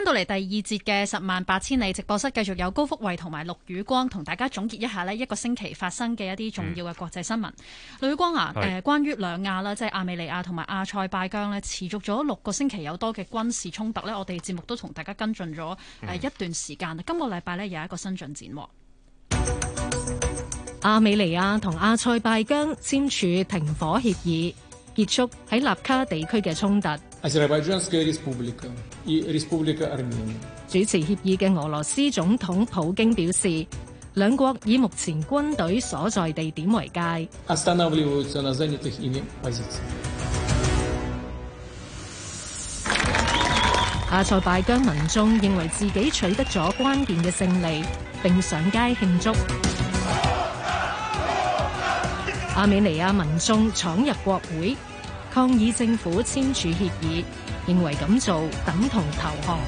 翻到嚟第二節嘅十萬八千里直播室，繼續有高福慧同埋陸宇光同大家總結一下咧，一個星期發生嘅一啲重要嘅國際新聞。嗯、陸宇光啊，誒是、呃，關於兩亞啦，即係亞美尼亞同埋阿塞拜疆咧，持續咗六個星期有多嘅軍事衝突咧，我哋節目都同大家跟進咗、呃嗯、一段時間啦。今個禮拜咧，有一個新進展。亞美尼亞同阿塞拜疆簽署停火協議，結束喺納卡地區嘅衝突。主持協議嘅俄羅斯總統普京表示，兩國以目前軍隊所在地點為界。阿塞拜疆民眾認為自己取得咗關鍵嘅勝利，並上街慶祝。亞美尼亞民眾闖入國會。抗議政府簽署協議，認為咁做等同投降。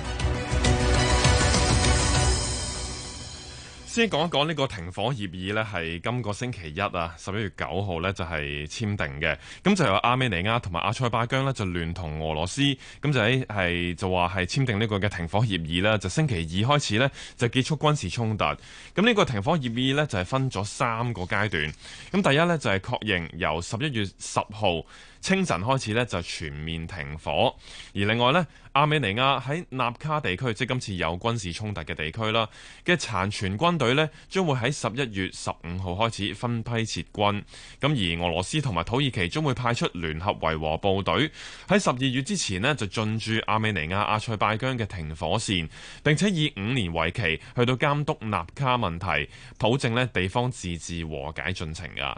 先講一講呢個停火協議呢係今個星期一啊，十一月九號呢就係簽訂嘅。咁就由阿美尼亞同埋阿塞拜疆，呢就聯同俄羅斯咁就喺係就話係簽訂呢個嘅停火協議咧，就星期二開始呢，就結束軍事衝突。咁呢個停火協議呢，就係分咗三個階段。咁第一呢，就係確認由十一月十號，清晨開始呢就全面停火，而另外呢亞美尼亞喺納卡地區，即今次有軍事衝突嘅地區啦，嘅殘存軍隊呢將會喺十一月十五號開始分批撤軍，咁而俄羅斯同埋土耳其將會派出聯合維和部隊喺十二月之前呢就進駐亞美尼亞阿塞拜疆嘅停火線，並且以五年為期去到監督納卡問題，保證呢地方自治和解進程㗎。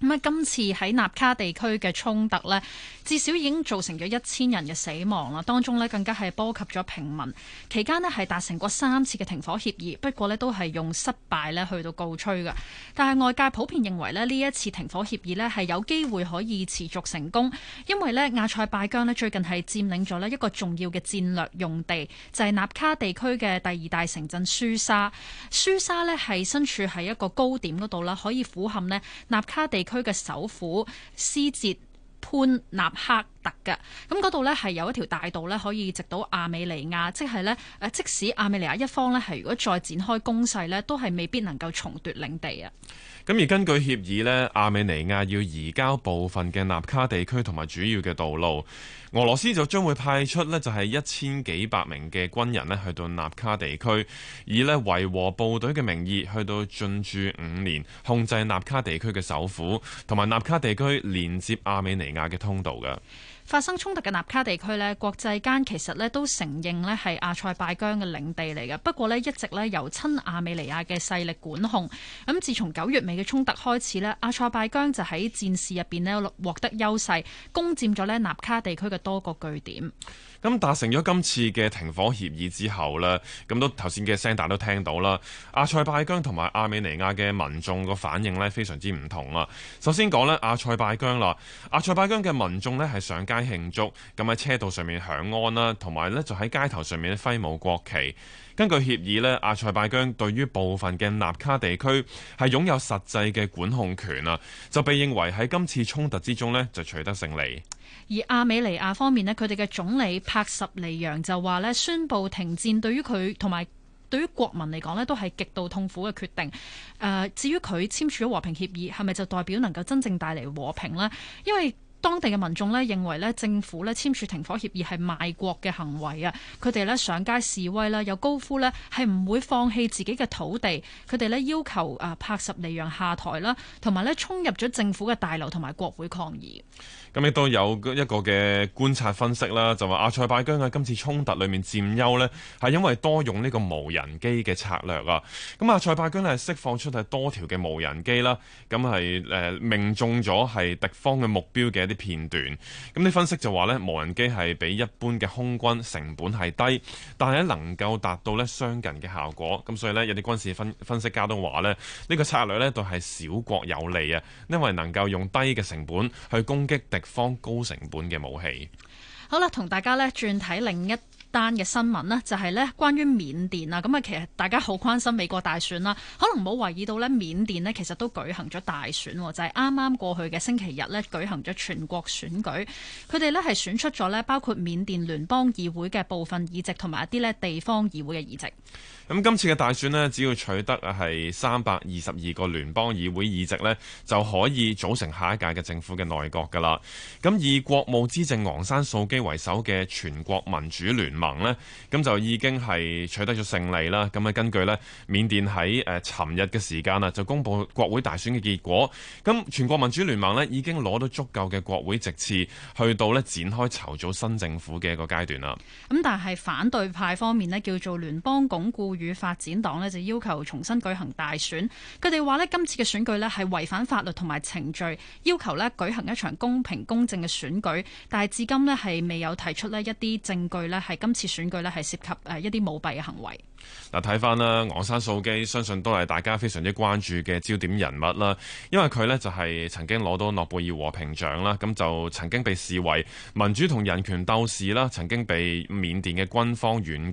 咁啊，今次喺納卡地區嘅衝突咧，至少已經造成咗一千人嘅死亡啦。當中咧更加係波及咗平民。期間咧係達成過三次嘅停火協議，不過咧都係用失敗咧去到告吹嘅。但係外界普遍認為咧呢一次停火協議咧係有機會可以持續成功，因為呢阿塞拜疆咧最近係佔領咗咧一個重要嘅戰略用地，就係納卡地區嘅第二大城鎮舒沙。舒沙咧係身處喺一個高點嗰度啦，可以俯瞰咧納卡地區。區嘅首府斯捷潘納克。特嘅咁嗰度呢，係有一條大道呢，可以直到亞美尼亞。即係呢，即使亞美尼亞一方呢，係如果再展開攻勢呢，都係未必能夠重奪領地啊。咁而根據協議呢，亞美尼亞要移交部分嘅納卡地區同埋主要嘅道路，俄羅斯就將會派出呢，就係一千幾百名嘅軍人呢，去到納卡地區，以呢維和部隊嘅名義去到進駐駐五年，控制納卡地區嘅首府同埋納卡地區連接亞美尼亞嘅通道嘅。發生衝突嘅納卡地區呢，國際間其實咧都承認咧係阿塞拜疆嘅領地嚟嘅，不過呢，一直咧由親亞美尼亞嘅勢力管控。咁自從九月尾嘅衝突開始呢，阿塞拜疆就喺戰事入邊咧獲得優勢，攻佔咗咧納卡地區嘅多個據點。咁達成咗今次嘅停火協議之後呢，咁都頭先嘅聲大都聽到啦。阿塞拜疆同埋亞美尼亞嘅民眾個反應呢，非常之唔同啊。首先講呢，阿塞拜疆啦，阿塞拜疆嘅民眾呢係上街慶祝，咁喺車道上面響安啦，同埋呢就喺街頭上面揮舞國旗。根據協議呢，阿塞拜疆對於部分嘅納卡地區係擁有實際嘅管控權啊，就被認為喺今次衝突之中呢就取得勝利。而亞美尼亞方面呢，佢哋嘅總理帕什尼揚就話呢，宣布停戰對於佢同埋對於國民嚟講呢都係極度痛苦嘅決定。誒、呃，至於佢簽署咗和平協議係咪就代表能夠真正帶嚟和平呢？因為當地嘅民眾咧認為咧政府咧簽署停火協議係賣國嘅行為啊！佢哋咧上街示威啦，又高呼咧係唔會放棄自己嘅土地，佢哋咧要求啊帕什尼揚下台啦，同埋咧衝入咗政府嘅大樓同埋國會抗議。咁亦都有一個嘅觀察分析啦，就話阿塞拜疆喺今次衝突裡面佔優咧，係因為多用呢個無人機嘅策略啊！咁阿塞拜疆咧係釋放出係多條嘅無人機啦，咁係誒命中咗係敵方嘅目標嘅。啲片段，咁啲分析就話呢，無人機係比一般嘅空軍成本係低，但係能夠達到相近嘅效果，咁所以呢，有啲軍事分分析家都話呢，呢、呢個策略呢都係小國有利啊，因為能夠用低嘅成本去攻擊敵方高成本嘅武器。好啦，同大家呢轉睇另一。.單嘅新聞呢，就係咧關於緬甸啊，咁啊其實大家好關心美國大選啦，可能冇懷疑到咧緬甸呢，其實都舉行咗大選，就係啱啱過去嘅星期日咧舉行咗全國選舉，佢哋咧係選出咗咧包括緬甸聯邦議會嘅部分議席同埋一啲咧地方議會嘅議席。咁今次嘅大選呢，只要取得係三百二十二個聯邦議會議席呢，就可以組成下一屆嘅政府嘅內閣噶啦。咁以國務資政昂山素基為首嘅全國民主聯盟呢，咁就已經係取得咗勝利啦。咁啊，根據呢，緬甸喺誒尋日嘅時間啊，就公布國會大選嘅結果。咁全國民主聯盟呢，已經攞到足夠嘅國會席次，去到呢展開籌組新政府嘅一個階段啦。咁但係反對派方面呢，叫做聯邦鞏固。與發展黨呢，就要求重新舉行大選。佢哋話呢，今次嘅選舉呢係違反法律同埋程序，要求呢舉行一場公平公正嘅選舉，但係至今呢係未有提出呢一啲證據呢係今次選舉呢係涉及誒一啲舞弊嘅行為。嗱，睇翻啦，昂山素基相信都係大家非常之關注嘅焦點人物啦，因為佢呢就係曾經攞到諾貝爾和平獎啦，咁就曾經被視為民主同人權鬥士啦，曾經被緬甸嘅軍方軟禁，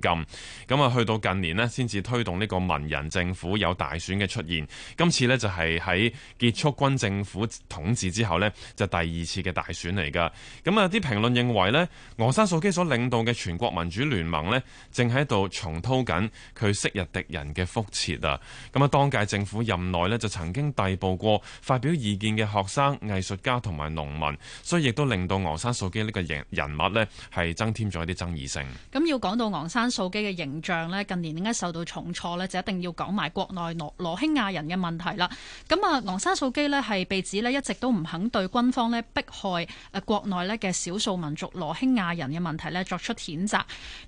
咁啊去到近年呢，先至推動呢個文人政府有大選嘅出現，今次呢，就係喺結束軍政府統治之後呢，就是、第二次嘅大選嚟噶，咁啊啲評論認為呢，昂山素基所領導嘅全國民主聯盟呢，正喺度重吐緊佢昔日敵人嘅覆轍啊！咁啊，當屆政府任內呢，就曾經逮捕過發表意見嘅學生、藝術家同埋農民，所以亦都令到昂山素姬呢個人物呢，係增添咗一啲爭議性。咁要講到昂山素姬嘅形象呢，近年點解受到重挫呢，就一定要講埋國內羅羅興亞人嘅問題啦。咁啊，昂山素姬呢，係被指呢一直都唔肯對軍方呢，迫害誒國內呢嘅少數民族羅興亞人嘅問題呢，作出譴責。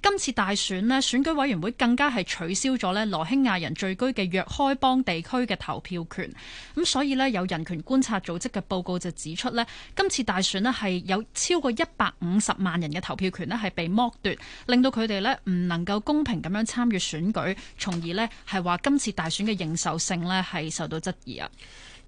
今次大選呢，選舉委員會更加係，取消咗咧羅興亞人聚居嘅若開邦地區嘅投票權，咁所以呢，有人權觀察組織嘅報告就指出呢，今次大選呢，係有超過一百五十萬人嘅投票權呢，係被剝奪，令到佢哋呢唔能夠公平咁樣參與選舉，從而呢，係話今次大選嘅認受性呢，係受到質疑啊。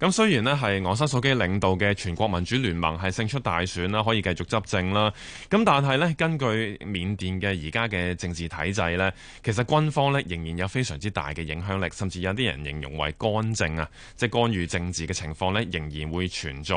咁雖然咧係昂山素姬領導嘅全國民主聯盟係勝出大選啦，可以繼續執政啦。咁但係咧，根據緬甸嘅而家嘅政治體制呢，其實軍方呢仍然有非常之大嘅影響力，甚至有啲人形容為干政啊，即係干預政治嘅情況呢仍然會存在。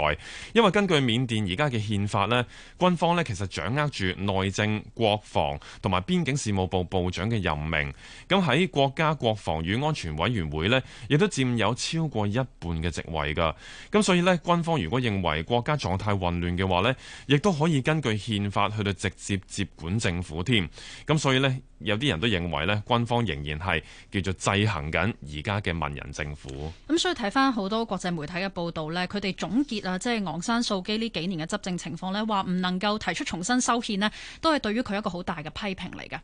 因為根據緬甸而家嘅憲法呢，軍方呢其實掌握住內政、國防同埋邊境事務部部長嘅任命。咁喺國家國防與安全委員會呢，亦都佔有超過一半嘅席位。為噶咁，所以呢，軍方如果方認為國家狀態混亂嘅話呢，亦都可以根據憲法去到直接接管政府添。咁所以呢，有啲人都認為呢，軍方仍然係叫做制衡緊而家嘅文人政府。咁所以睇翻好多國際媒體嘅報道呢，佢哋總結啊，即係昂山素姬呢幾年嘅執政情況呢，話唔能夠提出重新修憲呢，都係對於佢一個好大嘅批評嚟嘅。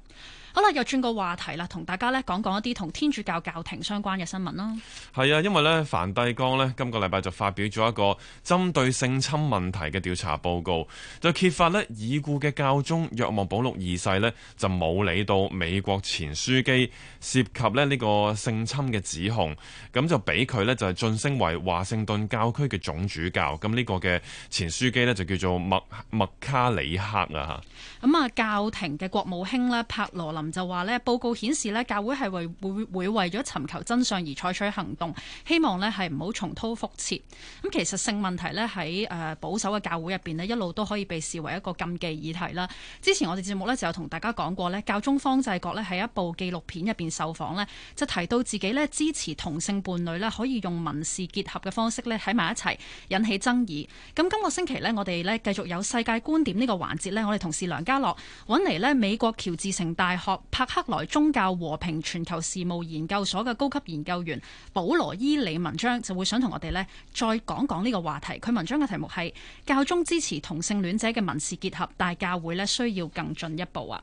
好啦，又轉個話題啦，同大家咧講講一啲同天主教教廷相關嘅新聞啦。係啊，因為咧梵蒂岡呢今個禮拜就發表咗一個針對性侵問題嘅調查報告，就揭發呢已故嘅教宗若望保祿二世呢就冇理到美國前書記涉及咧呢個性侵嘅指控，咁就俾佢呢，就係晉升為華盛頓教區嘅總主教。咁呢個嘅前書記呢，就叫做麥麥卡里克啊。咁啊，嗯，教廷嘅國務卿呢，帕羅林。就話呢，報告顯示呢，教會係為會會為咗尋求真相而採取行動，希望呢係唔好重蹈覆轍。咁其實性問題呢，喺誒保守嘅教會入邊呢，一路都可以被視為一個禁忌議題啦。之前我哋節目呢，就有同大家講過呢，教宗方濟各呢，喺一部紀錄片入邊受訪呢，就提到自己呢支持同性伴侶呢可以用民事結合嘅方式呢，喺埋一齊，引起爭議。咁今個星期呢，我哋呢，繼續有世界觀點呢個環節呢，我哋同事梁家樂揾嚟呢美國喬治城大學。伯克萊宗教、和平、全球事務研究所嘅高級研究員保羅伊里文章就會想同我哋咧，再講講呢個話題。佢文章嘅題目係教宗支持同性戀者嘅民事結合，但係教會咧需要更進一步啊。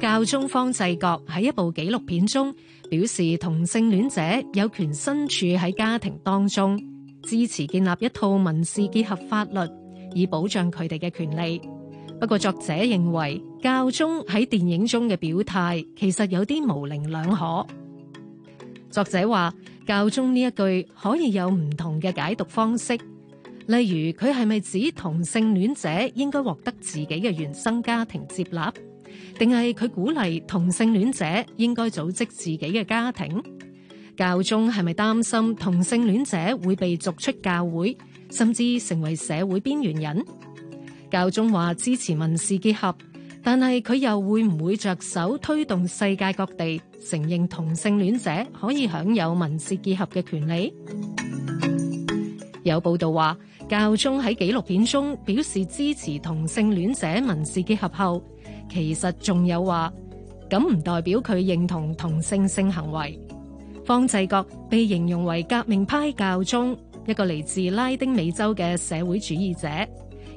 教宗方濟各喺一部紀錄片中表示，同性戀者有權身處喺家庭當中，支持建立一套民事結合法律，以保障佢哋嘅權利。不過作者認為教宗喺電影中嘅表態其實有啲模棱兩可。作者話教宗呢一句可以有唔同嘅解讀方式，例如佢係咪指同性戀者應該獲得自己嘅原生家庭接納，定係佢鼓勵同性戀者應該組織自己嘅家庭？教宗係咪擔心同性戀者會被逐出教會，甚至成為社會邊緣人？教宗話支持民事結合，但係佢又會唔會着手推動世界各地承認同性戀者可以享有民事結合嘅權利？有報道話，教宗喺紀錄片中表示支持同性戀者民事結合後，其實仲有話咁唔代表佢認同同性性行為。方濟各被形容為革命派教宗，一個嚟自拉丁美洲嘅社會主義者。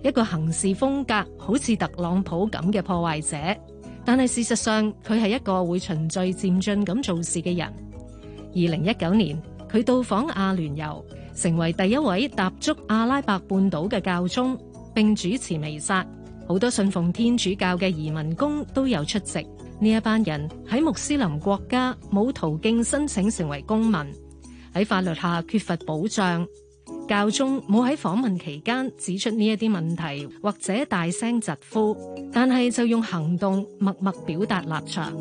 一個行事風格好似特朗普咁嘅破壞者，但係事實上佢係一個會循序漸進咁做事嘅人。二零一九年，佢到訪阿聯酋，成為第一位踏足阿拉伯半島嘅教宗並主持彌撒。好多信奉天主教嘅移民工都有出席。呢一班人喺穆斯林國家冇途徑申請成為公民，喺法律下缺乏保障。教宗冇喺訪問期間指出呢一啲問題，或者大聲疾呼，但係就用行動默默表達立場。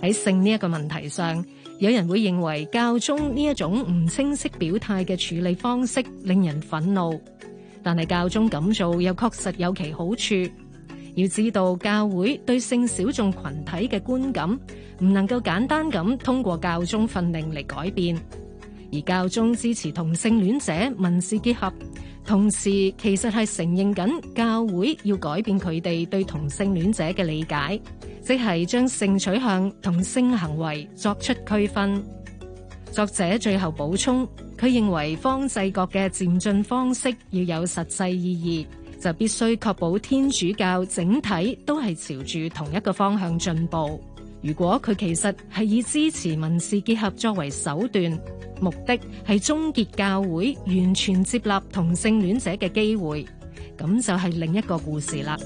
喺性呢一個問題上，有人會認為教宗呢一種唔清晰表態嘅處理方式令人憤怒，但係教宗咁做又確實有其好處。要知道教會對性小眾群體嘅觀感，唔能夠簡單咁通過教宗訓令嚟改變。而教宗支持同性戀者民事結合，同時其實係承認緊教會要改變佢哋對同性戀者嘅理解，即係將性取向同性行為作出區分。作者最後補充，佢認為方濟各嘅漸進方式要有實際意義，就必須確保天主教整體都係朝住同一個方向進步。如果佢其實係以支持民事結合作為手段，目的係終結教會完全接納同性戀者嘅機會，咁就係另一個故事啦。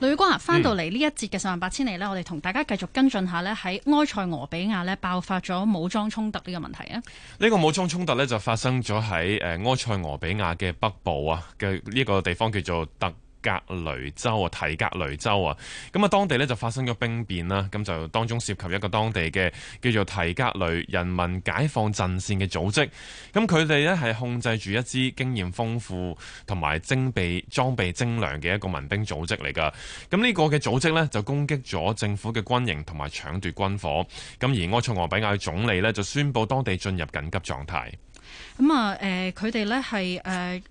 雷光啊，翻到嚟呢一節嘅十萬八千里呢，嗯、我哋同大家繼續跟進下呢，喺埃塞俄比亞呢爆發咗武裝衝突呢個問題啊？呢個武裝衝突呢就發生咗喺誒埃塞俄比亞嘅北部啊嘅呢，這個地方叫做特。格雷州啊，提格雷州啊，咁啊，當地呢就發生咗兵變啦，咁就當中涉及一個當地嘅叫做提格雷人民解放陣線嘅組織，咁佢哋呢係控制住一支經驗豐富同埋精備裝備精良嘅一個民兵組織嚟㗎，咁、這、呢個嘅組織呢，就攻擊咗政府嘅軍營同埋搶奪軍火，咁而埃塞俄比亞總理呢，就宣布當地進入緊急狀態，咁啊，誒佢哋呢係誒。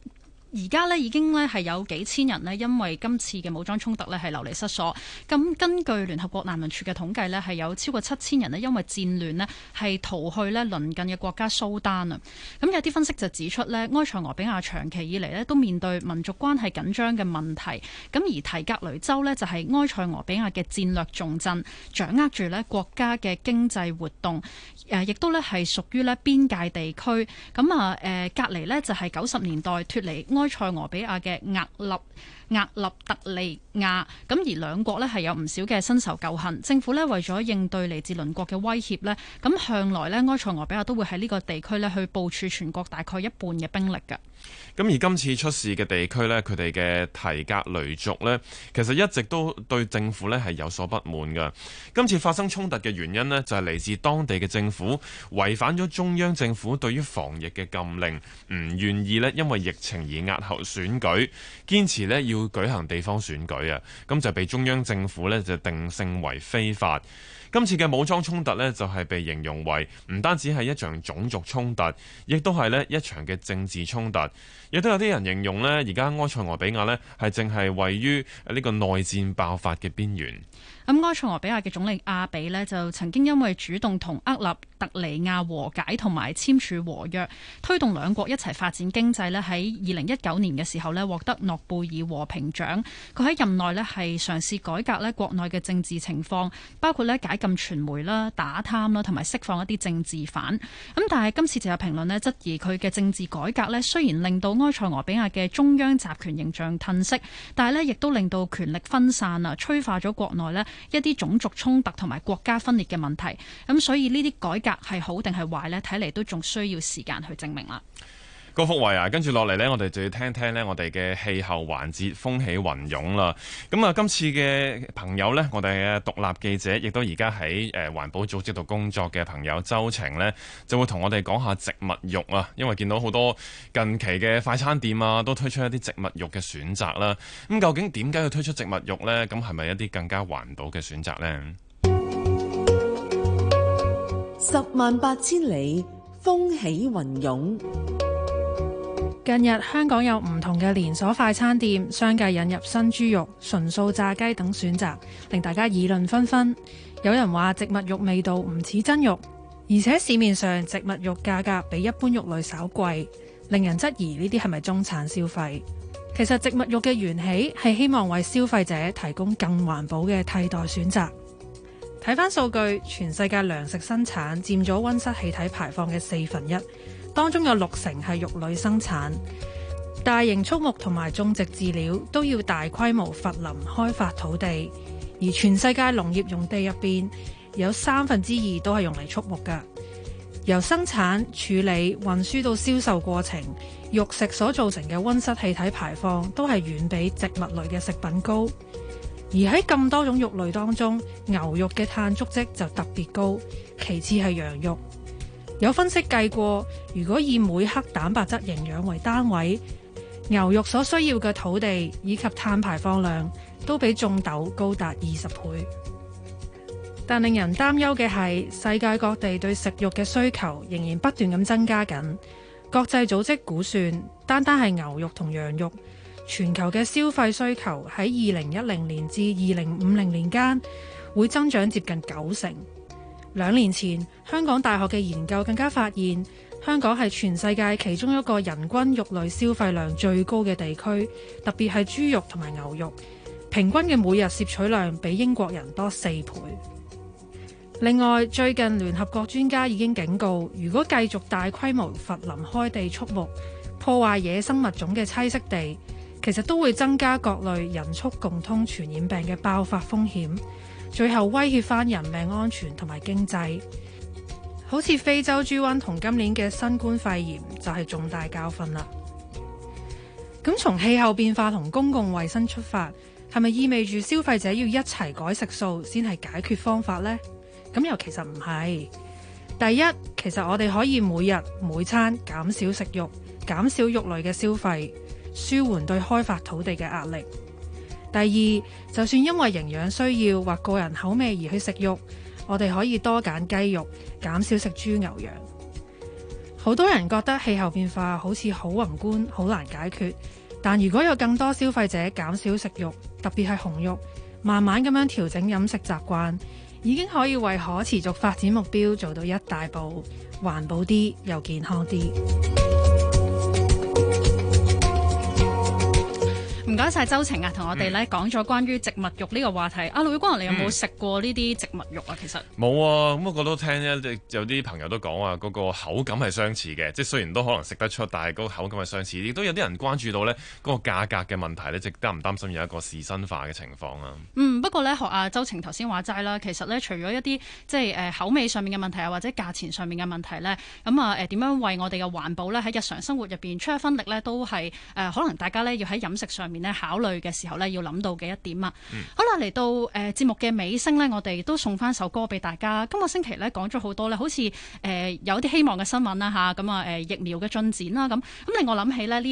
而家呢，已經咧係有幾千人呢，因為今次嘅武裝衝突呢，係流離失所。咁根據聯合國難民署嘅統計呢，係有超過七千人呢，因為戰亂呢，係逃去呢鄰近嘅國家蘇丹啊。咁有啲分析就指出呢，埃塞俄比亞長期以嚟呢，都面對民族關係緊張嘅問題。咁而提格雷州呢，就係埃塞俄比亞嘅戰略重鎮，掌握住呢國家嘅經濟活動，誒亦都呢係屬於呢邊界地區。咁啊誒隔離呢，就係九十年代脱離埃塞俄比亞嘅厄立厄立特利亞，咁而兩國呢係有唔少嘅新仇舊恨。政府呢為咗應對嚟自鄰國嘅威脅呢，咁向來呢埃塞俄比亞都會喺呢個地區呢去部署全國大概一半嘅兵力嘅。咁而今次出事嘅地區呢，佢哋嘅提格雷族呢，其實一直都對政府呢係有所不滿㗎。今次發生衝突嘅原因呢，就係嚟自當地嘅政府違反咗中央政府對於防疫嘅禁令，唔願意呢因為疫情而押後選舉，堅持呢要舉行地方選舉啊。咁就被中央政府呢就定性為非法。今次嘅武裝衝突呢，就係被形容為唔單止係一場種族衝突，亦都係呢一場嘅政治衝突。亦都有啲人形容呢而家，埃塞俄比亞呢，係正係位於呢個內戰爆發嘅邊緣。咁埃塞俄比亞嘅總理阿比呢，就曾經因為主動同厄立特里亞和解同埋簽署和約，推動兩國一齊發展經濟呢，喺二零一九年嘅時候呢，獲得諾貝爾和平獎。佢喺任內呢，係嘗試改革呢國內嘅政治情況，包括呢解禁傳媒啦、打貪啦，同埋釋放一啲政治犯。咁但係今次就有評論呢，質疑佢嘅政治改革呢，雖然令到埃塞俄比亞嘅中央集權形象褪色，但係呢亦都令到權力分散啊，催化咗國內呢一啲種族衝突同埋國家分裂嘅問題。咁所以呢啲改革係好定係壞呢，睇嚟都仲需要時間去證明啦。高福維啊，跟住落嚟呢，我哋就要聽聽呢，我哋嘅氣候環節風起雲湧啦。咁啊，今次嘅朋友呢，我哋嘅獨立記者亦都而家喺誒環保組織度工作嘅朋友周澄呢，就會同我哋講下植物肉啊。因為見到好多近期嘅快餐店啊，都推出一啲植物肉嘅選擇啦。咁究竟點解要推出植物肉呢？咁係咪一啲更加環保嘅選擇呢？十萬八千里，風起雲湧。近日香港有唔同嘅連鎖快餐店相繼引入新豬肉、純素炸雞等選擇，令大家議論紛紛。有人話植物肉味道唔似真肉，而且市面上植物肉價格比一般肉類稍貴，令人質疑呢啲係咪中產消費。其實植物肉嘅源起係希望為消費者提供更環保嘅替代選擇。睇返數據，全世界糧食生產佔咗溫室氣體排放嘅四分一。當中有六成係肉類生產，大型畜牧同埋種植飼料都要大規模伐林開發土地，而全世界農業用地入邊有三分之二都係用嚟畜牧㗎。由生產、處理、運輸到銷售過程，肉食所造成嘅溫室氣體排放都係遠比植物類嘅食品高。而喺咁多種肉類當中，牛肉嘅碳足跡就特別高，其次係羊肉。有分析計過，如果以每克蛋白質營養為單位，牛肉所需要嘅土地以及碳排放量都比種豆高達二十倍。但令人擔憂嘅係，世界各地對食肉嘅需求仍然不斷咁增加緊。國際組織估算，單單係牛肉同羊肉，全球嘅消費需求喺二零一零年至二零五零年間會增長接近九成。兩年前，香港大學嘅研究更加發現，香港係全世界其中一個人均肉類消費量最高嘅地區，特別係豬肉同埋牛肉，平均嘅每日攝取量比英國人多四倍。另外，最近聯合國專家已經警告，如果繼續大規模伐林開地畜牧，破壞野生物種嘅棲息地，其實都會增加各類人畜共通傳染病嘅爆發風險。最後威脅返人命安全同埋經濟，好似非洲豬瘟同今年嘅新冠肺炎就係重大教訓啦。咁從氣候變化同公共衛生出發，係咪意味住消費者要一齊改食素先係解決方法呢？咁又其實唔係。第一，其實我哋可以每日每餐減少食肉，減少肉類嘅消費，舒緩對開發土地嘅壓力。第二，就算因為營養需要或個人口味而去食肉，我哋可以多揀雞肉，減少食豬牛羊。好多人覺得氣候變化好似好宏觀、好難解決，但如果有更多消費者減少食肉，特別係紅肉，慢慢咁樣調整飲食習慣，已經可以為可持續發展目標做到一大步，環保啲又健康啲。唔該晒，周澄啊，同我哋咧講咗關於植物肉呢個話題。阿盧宇、嗯啊、光，你有冇食過呢啲植物肉啊？嗯、其實冇啊。咁我都聽咧，有啲朋友都講話嗰個口感係相似嘅，即係雖然都可能食得出，但係嗰口感係相似的。亦都有啲人關注到咧，嗰個價格嘅問題咧，值得唔擔心有一個仕紳化嘅情況啊？嗯，不過咧，學阿周澄頭先話齋啦，其實咧，除咗一啲即係誒口味上面嘅問題啊，或者價錢上面嘅問題咧，咁啊誒點樣為我哋嘅環保咧，喺日常生活入邊出一分力咧，都係誒、呃、可能大家咧要喺飲食上面。考慮嘅時候咧，要諗到嘅一點啊。嗯、好啦，嚟到誒節目嘅尾聲咧，我哋都送翻首歌俾大家。今個星期咧講咗好多咧，好似誒、呃、有啲希望嘅新聞啦吓，咁啊誒、啊、疫苗嘅進展啦咁。咁、啊、令我諗起咧呢。